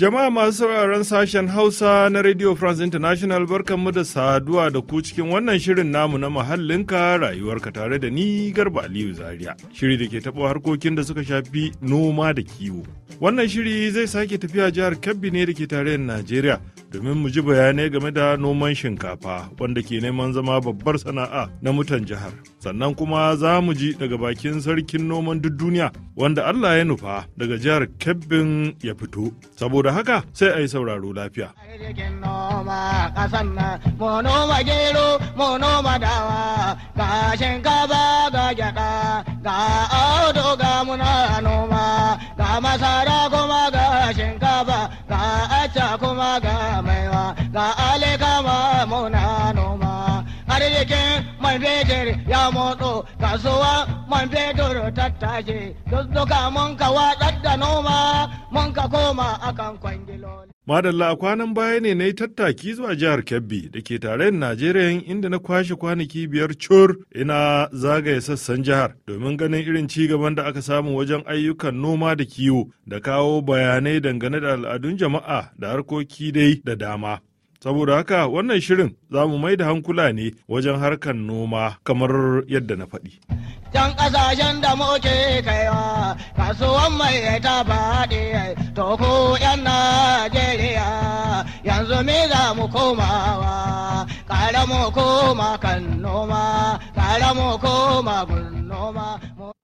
Jama'a masu sauraron sashen Hausa na Radio France International barkanmu da saduwa da ku cikin wannan shirin namu na muhallin muhallinka rayuwarka tare da ni Garba Aliyu Zaria. Shiri da ke taɓo harkokin da suka shafi noma da kiwo. Wannan shiri zai sake tafiya jihar Kebbi ne da ke tare da Najeriya domin mu ji bayanai game da noman shinkafa wanda ke neman zama babbar sana'a na mutan jihar. Sannan kuma za mu ji daga bakin sarkin noman duk duniya wanda Allah ya nufa daga jihar Kebbin ya fito. Saboda haka sai a yi sauraro lafiya. Ga masara kuma ga shinkafa, ga aca ma ga maiwa ga alikama muna noma arzikin man fetur ya motso kasuwa man fetur tattashe duk duka mun ka watsar da noma mun ka koma akan kwangiloli Madalla a kwanan baya ne na yi tattaki zuwa jihar Kebbi da ke tare tarayyar Najeriya inda na kwashe kwanaki biyar cur ina zagaye sassan jihar domin ganin irin ci gaban da aka samu wajen ayyukan noma da kiwo da kawo bayanai dangane da al'adun jama'a da harkoki dai da dama. Saboda haka wannan shirin za mu mai da hankula ne wajen harkar noma kamar yadda na faɗi. Can ƙasashen da muke kaiwa kasuwan mai ta faɗi to ku 'yan Najeriya yanzu me za mu komawa, ƙara mu koma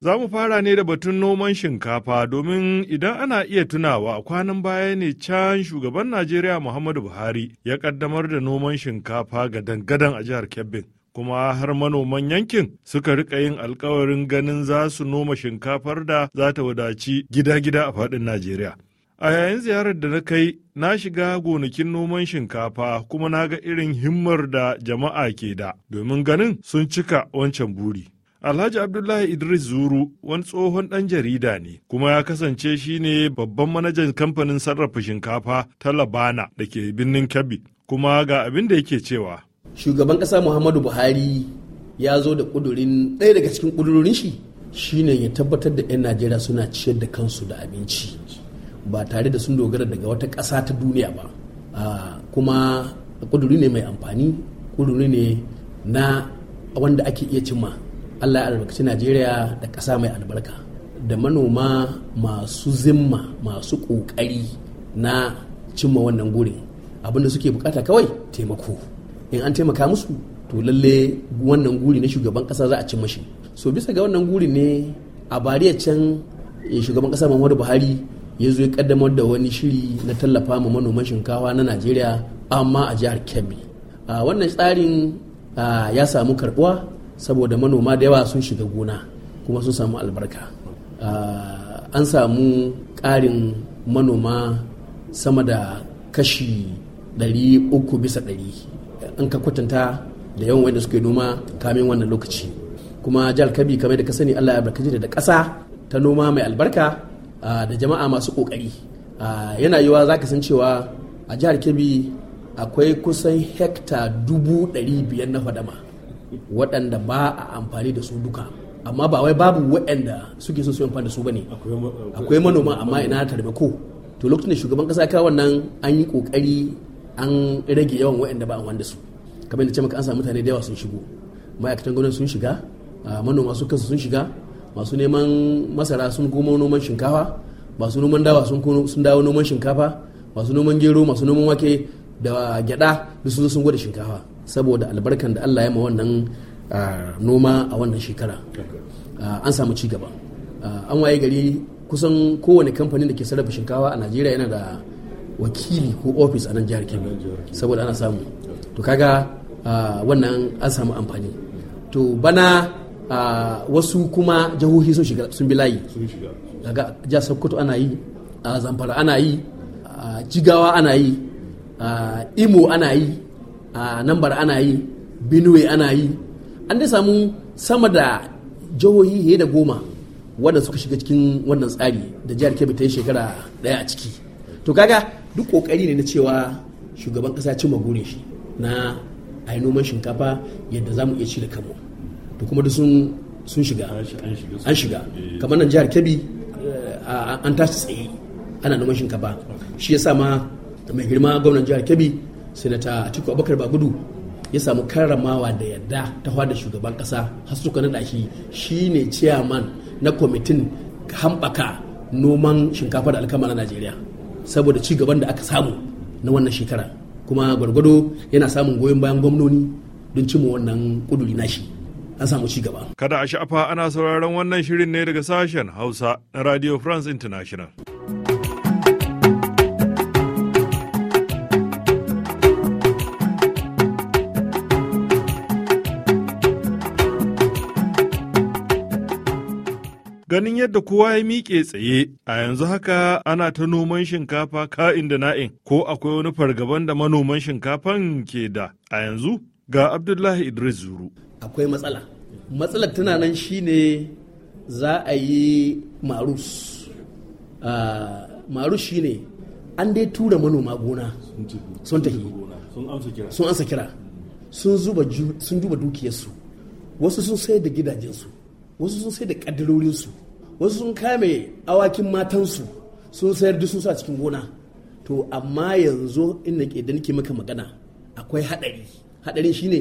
Za mu fara ne da batun noman shinkafa domin idan ana iya tunawa kwanan baya ne can shugaban Najeriya Muhammadu Buhari ya kaddamar da noman shinkafa ga dangadan a jihar Kebbin. kuma har manoman yankin suka rika yin alkawarin ganin za su noma shinkafar da za ta wadaci gida-gida a faɗin Najeriya. A yayin ziyarar da na kai, na shiga gonakin noman shinkafa kuma na ga irin himmar da jama'a ke da, domin ganin sun cika wancan buri. Alhaji Abdullahi Idris Zuru wani tsohon ɗan jarida ne, kuma ya kasance shi ne babban manajan kamfanin sarrafa shinkafa ta Labana da ke birnin Kebbi, kuma ga abin da yake cewa. Shugaban ƙasa Muhammadu Buhari ya zo da ƙudurin ɗaya daga cikin ƙudurorin shi shine ya tabbatar da 'yan Najeriya suna ciyar da kansu da abinci. ba tare da sun dogara daga wata ƙasa ta duniya ba kuma ƙuduri ne mai amfani ƙuduri ne na wanda ake iya cimma allah ya albarkaci najeriya da ƙasa mai albarka da manoma masu zimma masu ƙoƙari na cimma wannan guri abinda suke bukata kawai taimako in an taimaka musu to lalle wannan guri na shugaban ƙasa za a cimma shi so bisa ga wannan guri ne a bariya can eh, shugaban ƙasa muhammadu buhari ya zo ya kaddamar da wani shiri na tallafa ma manoman shinkawa na najeriya amma a jihar kebbi wannan tsarin ya samu karbuwa saboda manoma da yawa sun shiga gona kuma sun samu albarka an samu ƙarin manoma sama da kashi 300 bisa 100 an ka kwatanta da yawan wanda suke noma kamin wannan lokaci kuma jihar kabi kamar da ka sani allah ya albarkaci da ƙasa ta noma mai albarka Ah, da jama'a masu kokari ah, yana yiwa za ka san cewa a jihar kebbi akwai kusan hekta dubu ɗari biyar na fadama waɗanda ba a amfani da su duka amma ba wai babu waɗanda suke so su amfani da su ne akwai manoma amma ina tarbe ko to lokacin da shugaban kasa kawo nan an yi kokari an rage yawan waɗanda ba a wanda su kamar yadda ce maka an samu mutane da yawa sun shigo ma'aikatan gwamnati sun shiga ah, manoma su kansu sun shiga masu neman masara sun komo noman shinkafa masu noman dawa sun dawo noman shinkafa masu noman gero masu noman wake da gyada da su sun gwada shinkafa saboda albarkan da Allah ya ma wannan noma a wannan shekara an samu ci gaba an waye gari kusan kowane kamfanin da ke sarrafa shinkafa a Najeriya yana da wakili ko ofis a nan jihar Kebbi saboda ana samu to kaga wannan an samu amfani to bana Ah, wasu kuma jihohi sun shiga sun bi layi daga jihar sokoto ana yi a zamfara ana yi a jigawa ana yi a imo ana yi a nambar ana yi benue ana yi an dai samu sama da jihohi fiye da goma wanda suka shiga cikin wannan tsari da jihar kebbi ta yi shekara daya a ciki to kaga duk kokari ne na cewa shugaban kasa cin gurin shi na a noman shinkafa yadda za mu iya ci da kanmu to kuma da sun sun shiga an shiga eh. kamar nan jihar kebbi eh, an tashi tsaye ana noman shinkafa shi ya ma mai girma gwamnan jihar kebbi sanata atiku abubakar bagudu ya samu karramawa da yadda ta hada shugaban kasa har suka nada shi ne chairman na kwamitin hambaka noman shinkafa da alkama na najeriya saboda ci gaban da aka samu na wannan shekara kuma gwargwado yana samun goyon bayan gwamnoni don cimma wannan kuduri nashi an samu ci gaba. Kada a sha'afa ana sauraron wannan shirin ne daga sashen Hausa na Radio France International. ganin yadda kowa ya miƙe tsaye a yanzu haka ana ta noman shinkafa ka'in da na'in ko akwai wani fargaban da manoman shinkafan ke da a yanzu Ga Abdullahi Idris Zuru. Akwai matsala. Matsalar tana nan shine za a yi marus. Ah, marus shine an dai tura manoma gona sun tafi. Sun ansa kira. Sun zuba dukiyarsu. Wasu sun sayar da gidajensu. Wasu sun sayar da kaddarorinsu. Wasu sun kame awakin matansu. Sun sayar da sun sa cikin gona. To amma yanzu inda ke da nake maka magana akwai haɗari. hadarin shine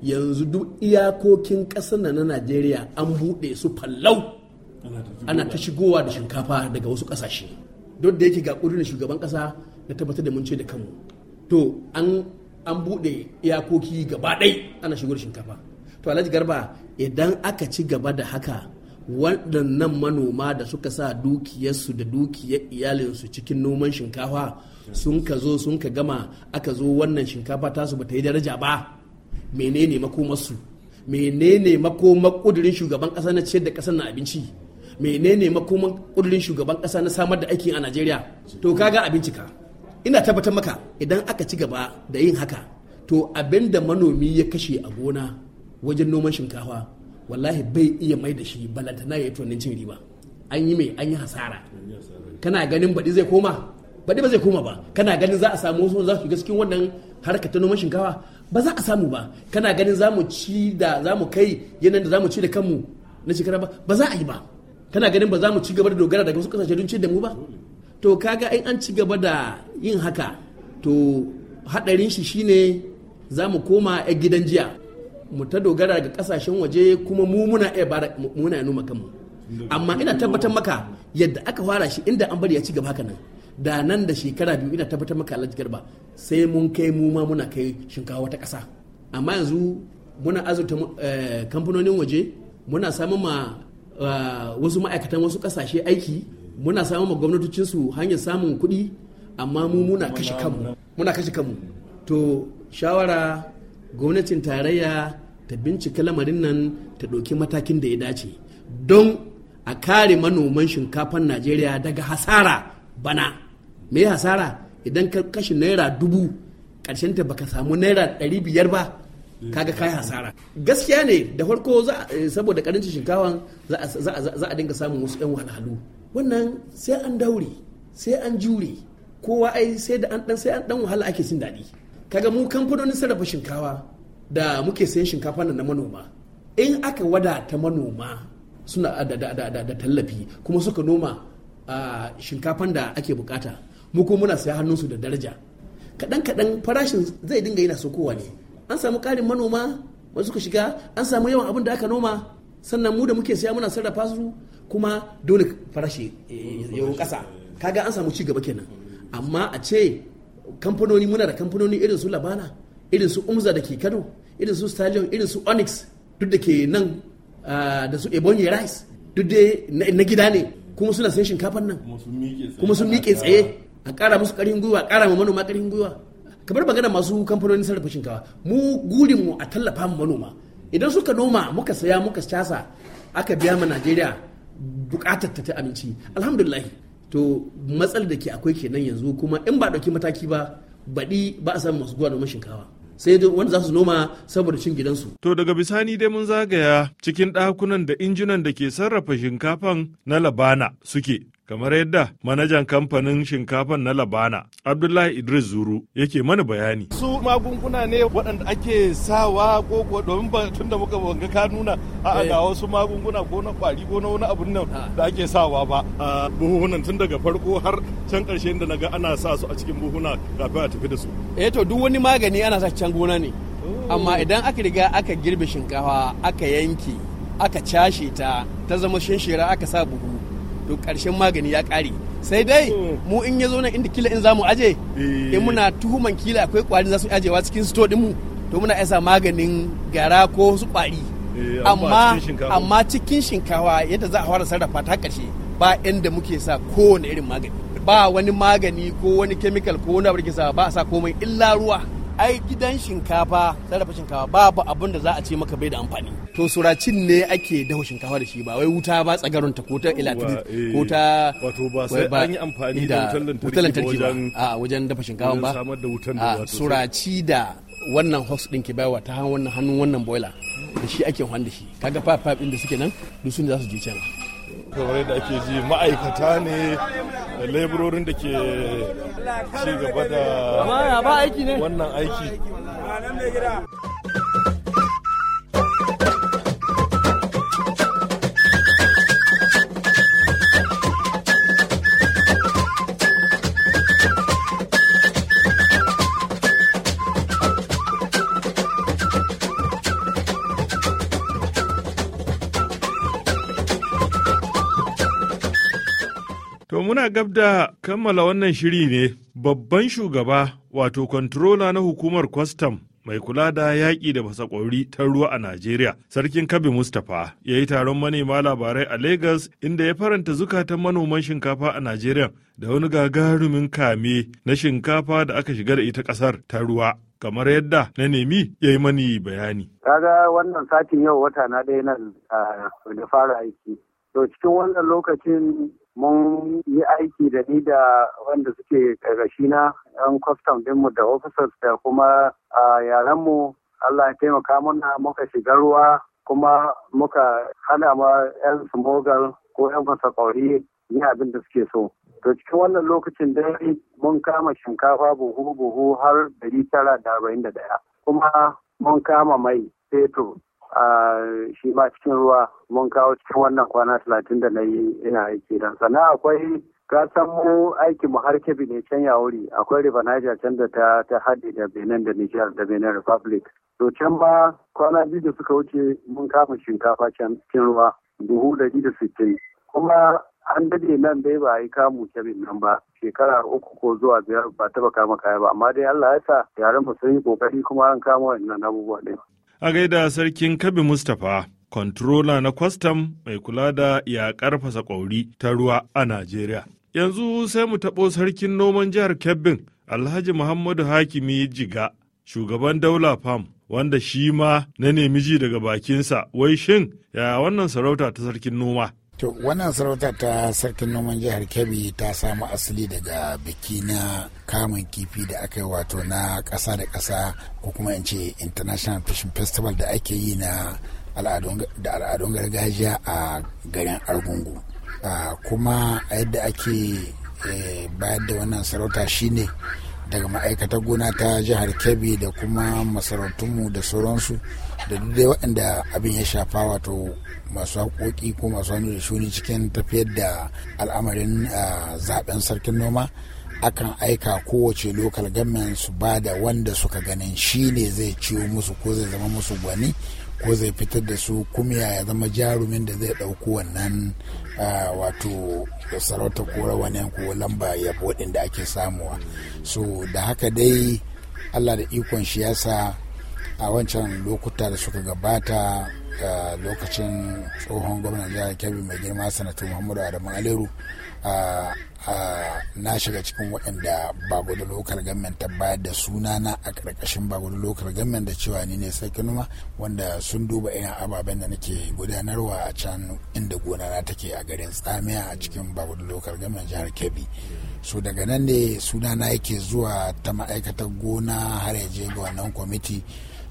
yanzu duk iyakokin ƙasar na najeriya an buɗe su fallau ana ta shigowa da shinkafa daga wasu ƙasashe duk da yake ga ƙudurin shugaban ƙasa na tabbatar da mun ce da kanmu to an an buɗe iyakoki gaba ɗai ana shigo da shinkafa to alhaji garba idan aka ci gaba da haka waɗannan manoma da suka sa dukiyarsu da dukiyar iyalinsu cikin noman shinkafa sun ka zo sun ka gama aka zo wannan shinkafa tasu ba ta yi daraja ba menene makomarsu menene makomar ƙudurin shugaban ƙasa na ciyar da ƙasar na abinci menene makomar ƙudurin shugaban ƙasa na samar da aikin a najeriya to kaga abinci ka ina tabbatar maka idan aka ci gaba da yin haka to abinda manomi ya kashe a gona wajen noman shinkafa wallahi bai iya mai da shi balantana ya yi tunanin cin riba an yi mai an yi hasara kana ganin baɗi zai koma baɗi ba zai koma ba kana ganin za a samu wasu za su gaskin wannan harkar ta noman shinkafa ba za a samu ba kana ganin za mu ci da za mu kai yanayin da za mu ci da kanmu na shekara ba ba za a yi ba kana ganin ba za mu ci gaba da dogara daga wasu kasashe don ci da mu ba to kaga in an ci gaba da yin haka to haɗarin shi shine za mu koma a gidan jiya mu ta dogara ga kasashen waje kuma mu muna iya bara muna numa kanmu amma ina tabbatar maka yadda aka fara shi inda an bari ya ci gaba haka nan da nan da shekara biyu ina tabbatar maka Alhaji Garba sai mun kai mu ma muna kai shinkawa wata ƙasa amma yanzu muna azurta eh, kamfanonin waje muna samun ma eh, wasu ma'aikatan wasu kasashe aiki muna samun ma su hanyar samun kuɗi amma mu muna kashe kanmu muna kashe kanmu to shawara gwamnatin tarayya ta bincika lamarin nan ta ɗauki matakin da ya dace don a kare manoman shinkafan najeriya daga hasara bana me hasara idan ka kashe naira dubu ƙarshen ta baka samu naira ɗari biyar ba kaga kai hasara gaskiya ne da farko eh, saboda karancin shinkawan za a dinga samun wasu 'yan wahalhalu wannan sai an daure sai an jure kowa ai sai da an dan wahala ake sin daɗi kaga mu kamfanonin sarrafa shinkawa da muke sayan shinkafa na manoma in aka wadata manoma suna da, tallafi kuma suka noma uh, shinkafan da ake bukata mu kuma muna saya hannunsu da daraja kaɗan kaɗan farashin zai dinga yana kowa ne an samu karin manoma wasu suka shiga an samu yawan abin da aka noma sannan mu da muke saya muna sarrafa su kuma dole farashi eh, yau ƙasa kaga an samu ci gaba kenan amma a ce kamfanoni muna da kamfanoni irin su labana irin su umza da ke kano irin su stallion irin su onyx duk da ke nan ah, da su ebonyi rice duk da na gida ne kuma suna sun shinkafan nan kuma sun miƙe tsaye a ƙara musu ƙarfin gwiwa a ƙara ma manoma ƙarfin gwiwa kamar magana masu kamfanonin sarrafa shinkafa mu gurin mu a tallafa mu manoma idan suka noma muka saya muka casa aka biya ma najeriya bukatar ta ta abinci alhamdulillah to matsalar da ke akwai kenan yanzu kuma in ba ɗauki mataki ba baɗi ba a samu masu guwa noman shinkafa sai dai wanda za su noma saboda cin gidansu. To daga bisani dai mun zagaya cikin ɗakunan da injinan da ke sarrafa shinkafan na Labana suke kamar yadda manajan kamfanin shinkafan na labana abdullahi idris zuru yake mana bayani su magunguna ne waɗanda ake sawa ko kuwa domin ba tun da muka banga ka nuna a eh. ga wasu magunguna ko na kwari ko na wani abun nan ah. da ake sawa ba a buhunan tun daga farko har can ƙarshe da naga ana sa su a cikin buhuna kafin a tafi da su eh to duk wani magani ana sa can gona ne oh. amma idan aka riga aka girbe shinkafa aka yanke aka cashe ta ta zama shinshira aka sa buhu to karshen magani ya kare sai dai hmm. mu in ya zo nan inda kila in zamu aje eh. in muna tuhuman kila akwai kwarin za su ajewa cikin sto mu to muna isa maganin gara ko su kwari eh, amma amma cikin shinkawa yadda za a fara sarrafa ta karshe ba inda muke sa kowane irin magani ba wani magani ko wani chemical ko wani abu da sa ba a sa komai illa ruwa ai gidan shinkafa sarrafa shinkafa babu abin da za a ce maka bai da amfani to suracin ne ake dafa shinkafa da shi ba wai wuta ba tsagaron ta ko ta electric eh. ko ta wato ba sai an yi amfani da wutar lantarki ba a wajen dafa shinkafa ba suraci da wannan host din ke bayarwa ta hannun wannan boiler da shi ake da shi kaga pipe pipe din da suke nan duk sun za su je can kamar yadda ake ji ma'aikata ne da laborin da ke ci gaba da wannan aiki Muna gab da kammala wannan shiri ne babban shugaba wato kontrola na hukumar kwastam mai kula da yaƙi da fasakori ta ruwa a Najeriya, Sarkin Kabi Mustapha ya yi taron manema labarai a legas inda ya faranta zukatan manoman shinkafa a Najeriya da wani gagarumin kame na shinkafa da aka shiga da ita ƙasar ta ruwa. kamar yadda na nemi ya yi mani bayani. Kaga wannan satin yau wata na ɗaya nan ah, da fara aiki. To cikin wannan lokacin mun yi aiki da ni da wanda suke ƙarƙashi na yan kwastam dinmu da officers da kuma yarenmu Allah ya taimaka muna muka shiga ruwa kuma muka hana ma 'yan smogal ko 'yan fasa yi abin da suke so. To cikin wannan lokacin dai mun kama shinkafa buhu-buhu har ɗari tara da arba'in Kuma mun kama mai fetur shi ma cikin ruwa mun kawo cikin wannan kwana talatin da na yi ina aiki dan sana akwai ka san mu aikin mu har kebi ne can ya wuri akwai river niger can da ta ta haɗe da benin da niger da benin republic to can ma kwana biyu da suka wuce mun kama shinkafa can cikin ruwa buhu da da sittin kuma an dade nan dai ba a yi kamu kebin nan ba shekara uku ko zuwa biyar ba taba kama kaya ba amma dai allah ya sa yaran mu sun yi kokari kuma an kama wannan abubuwa ɗin. A gaida sarkin Kabi Mustapha, kontrola na kwastam mai kula da yaƙar fasa ƙwauri ta ruwa a Najeriya. Yanzu sai mu taɓo sarkin noman jihar Kebbin, Alhaji Muhammadu Hakimi Jiga, shugaban Daula Farm, wanda shi ma na nemi ji daga bakinsa, wai shin yaya wannan sarauta ta sarkin noma? To wannan sarauta ta sarkin noman jihar Kebbi ta samu asali daga biki na kamun kifi da aka yi wato na ƙasa da ƙasa ko kuma in ce International Fishing Festival da ake yi na da al'adun gargajiya a garin Argungu. Kuma a yadda ake eh, bayar da wannan sarauta shine daga ma'aikatar gona ta jihar Kebbi da kuma masarautunmu da sauransu. da dai waɗanda abin ya shafa wato masu haƙoƙi ko masu hannu da shuni cikin tafiyar da al'amarin zaben sarkin noma akan aika kowace lokal government su ba da wanda suka ganin shi ne zai ciwo musu ko zai zama musu gwani ko zai fitar da su kumiya ya zama jarumin da zai ɗauko wannan wato sarauta ko rawani ko lamba yabo da ake samuwa so da haka dai allah da ikon shi yasa a wancan lokuta da suka gabata a lokacin tsohon gwamnan jihar kebbi mai girma sanatu muhammadu adamu aleru na shiga cikin waɗanda bagwado lokal gamen ta bayar da sunana a ƙarƙashin bagwado lokal gamen da cewa ni ne sarki numa wanda sun duba irin ababen da nake gudanarwa a can inda gona na take a garin tsamiya a cikin bagwado lokal gamen jihar kebbi so daga nan ne sunana yake zuwa ta ma'aikatar gona har ya je ga wannan kwamiti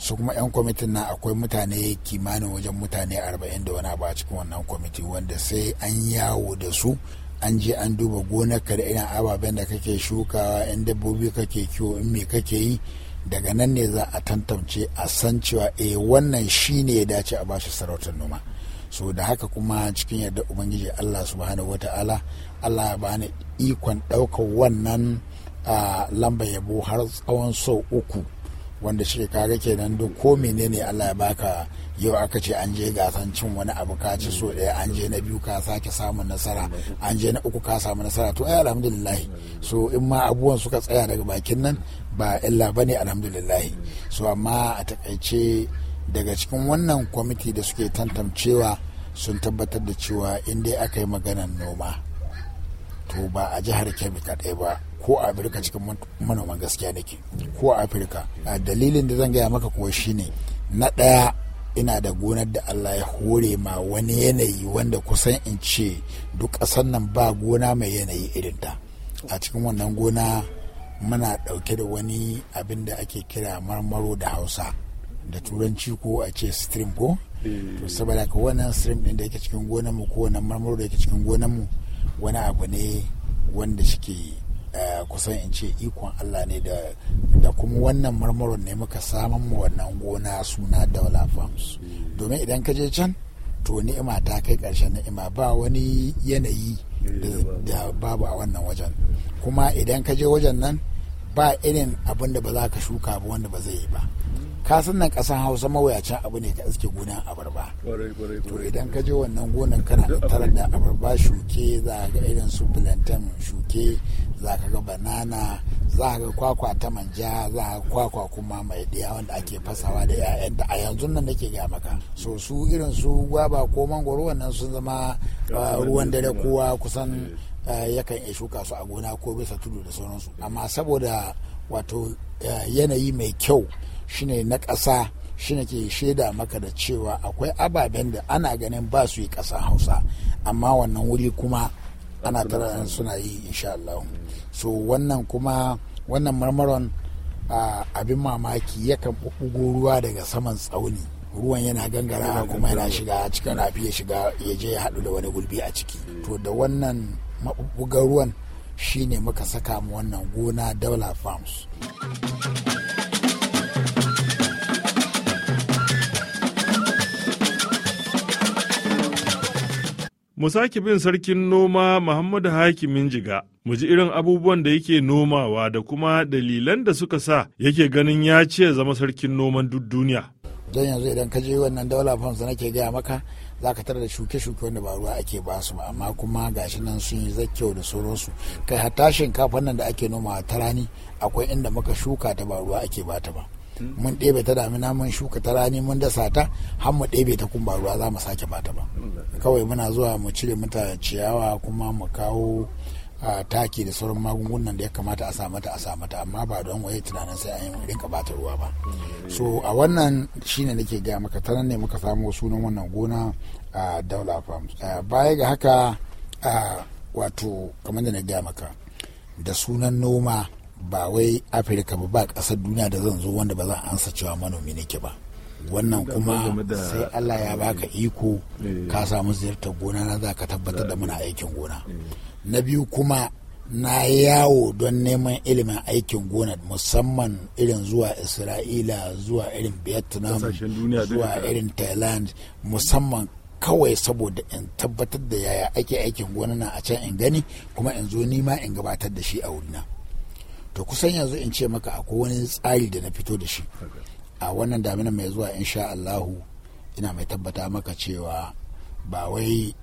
su kuma 'yan kwamitin na akwai mutane kimanin wajen mutane 40 da wani abu a cikin wannan kwamiti wanda sai an yawo da su an je an duba ka da irin ababen da kake shukawa in dabbobi kake kiwo in me kake yi daga nan ne za a tantance a san cewa eh wannan shi ne ya dace a bashi sarautar noma so da haka kuma cikin yarda ubangiji allah subhanahu wa ta'ala allah ya bani ikon ɗaukar wannan ah, lamba yabo har tsawon sau uku wanda shi kaga kenan duk ko menene Allah ya baka yau aka ce an je gasan cin wani abu ka ci so ɗaya an je na biyu ka sake samun nasara an je na uku ka samu nasara to ai alhamdulillah so in ma abubuwan suka tsaya daga bakin nan ba illa bane alhamdulillah so amma a takaice daga cikin wannan kwamiti da suke tantancewa sun tabbatar da cewa in dai aka yi maganar noma to ba a jihar kebbi kaɗai ba ko a afirka cikin manoman gaskiya nake ko a afirka dalilin da zan gaya maka kuwa shine na ɗaya ina da gonar da Allah ya hore ma wani yanayi wanda kusan in ce duk ƙasar nan ba gona mai yanayi irin ta a cikin wannan gona muna ɗauke da wani abin da ake kira marmaro da hausa da turanci ko a ce stream ko to saboda ka wannan stream ɗin da yake cikin gonar mu ko wannan marmaro da yake cikin gonar mu wani abu ne wanda shike Eh, kusan in ce ikon Allah ne da kuma wannan marmaron ne muka samun mu wannan gona suna daula farms mm. domin idan ka je can to ni'ima ta kai karshen ni'ima ba wani yanayi da babu a wannan wajen kuma idan ka je wajen nan ba irin abin da ba za ka shuka ba wanda ba zai yi ba ka san nan kasan hausa mawuyacin abu ne ka iske gonan abarba to idan ka je wannan gonan kana tattara da abarba shuke za ga irin su plantain shuke za ka ga banana za ga kwakwa ta manja za ga kwakwa kuma mai ɗaya wanda ake fasawa da 'ya'yanta a yanzu nan nake ga maka so su irin su gwaba ko mangoro wannan sun zama ah, ruwan dare kowa kusan Eh, yakan iya shuka su a gona ko bisa tudu da sauransu amma saboda wato eh, yanayi mai kyau shine na ƙasa shine ke shaida maka da cewa akwai ababen da ana ganin ba su yi ƙasa hausa amma wannan wuri kuma ana tara suna yi insha Allah so wannan kuma wannan marmaron ah, abin mamaki yakan bugu ruwa daga saman tsauni ruwan yana gangara kuma yana shiga cikin rafi ya shiga ya je ya haɗu da wani gulbi a ciki to da wannan maɓuɓɓugar ruwan shine muka saka mu wannan gona daula farms mu sake bin sarkin noma Muhammadu Hakimin Jiga, mu ji irin abubuwan da yake nomawa da kuma dalilan da suka sa yake ganin ya ce zama sarkin noman duk duniya. Don yanzu idan ka je wannan daula farms nake gaya maka za ka tara da shuke-shuke wanda ba ruwa ake ba su ba amma kuma gashi nan sun yi zakkyau da sauransu kai hatta shinkafa nan da ake nomawa ta rani akwai inda muka shuka ta ba ruwa ake ba ta ba mun ɗebe ta damina mun shuka ta rani mun dasa ta har mu ɗebe ta kun ba ruwa za mu sake ba ta ba kawai muna zuwa mu cire mata ciyawa kuma mu kawo taki da sauran magungunan da ya kamata a samata mata a sa mata amma ba don waye tunanin sai an yi rinka bata ruwa ba so a wannan shine nake gaya maka ta ne muka samu sunan wannan gona a daula farm baya ga haka wato kamar da na gaya maka da sunan noma ba wai afirka ba ba ƙasar duniya da zan zo wanda ba zan ansa cewa manomi nake ba wannan kuma sai allah ya baka iko eh. ka samu ziyartar gona na za ka tabbatar da muna aikin gona eh. na biyu kuma na yawo don neman ilimin aikin gona musamman irin zuwa isra'ila zuwa irin vietnam zuwa irin thailand musamman kawai saboda in tabbatar da yaya ake aikin gona na a can in gani kuma in zo nima in gabatar da shi a wurina to kusan yanzu in ce maka akwai wani tsari da na fito da shi a wannan damina mai zuwa insha allahu ina mai tabbata maka cewa ba wai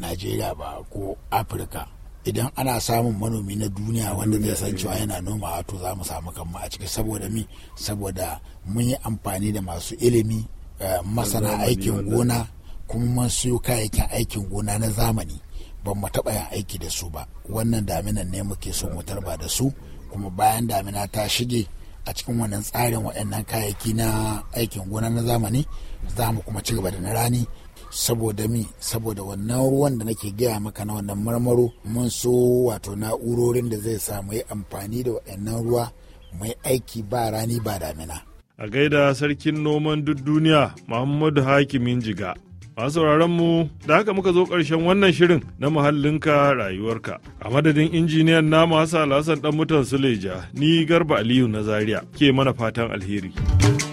najeriya ba ko afirka idan ana samun manomi na duniya wanda zai san cewa yana noma to za mu samu kanmu a ciki saboda mi saboda mun yi amfani da masu ilimi eh, masana aikin gona kuma mun siyo kayayyakin aikin gona na zamani ban mu taɓa yin aiki da su ba wannan daminan ne muke so mu tarba da su kuma bayan damina ta shige a cikin wannan tsarin waɗannan kayayyaki na aikin gona na zamani za mu kuma ci gaba da na rani saboda mi saboda wannan ruwan da nake gaya maka na wannan marmaro mun so wato na'urorin da zai sa mu yi amfani da waɗannan ruwa mai aiki ba rani ba damina a gaida sarkin noman duk duniya muhammadu hakimin jiga masu mu da haka muka zo ƙarshen wannan shirin na muhallinka rayuwarka a madadin injiniyan namu hassan lasan dan mutan suleja ni garba aliyu na zaria ke mana fatan alheri.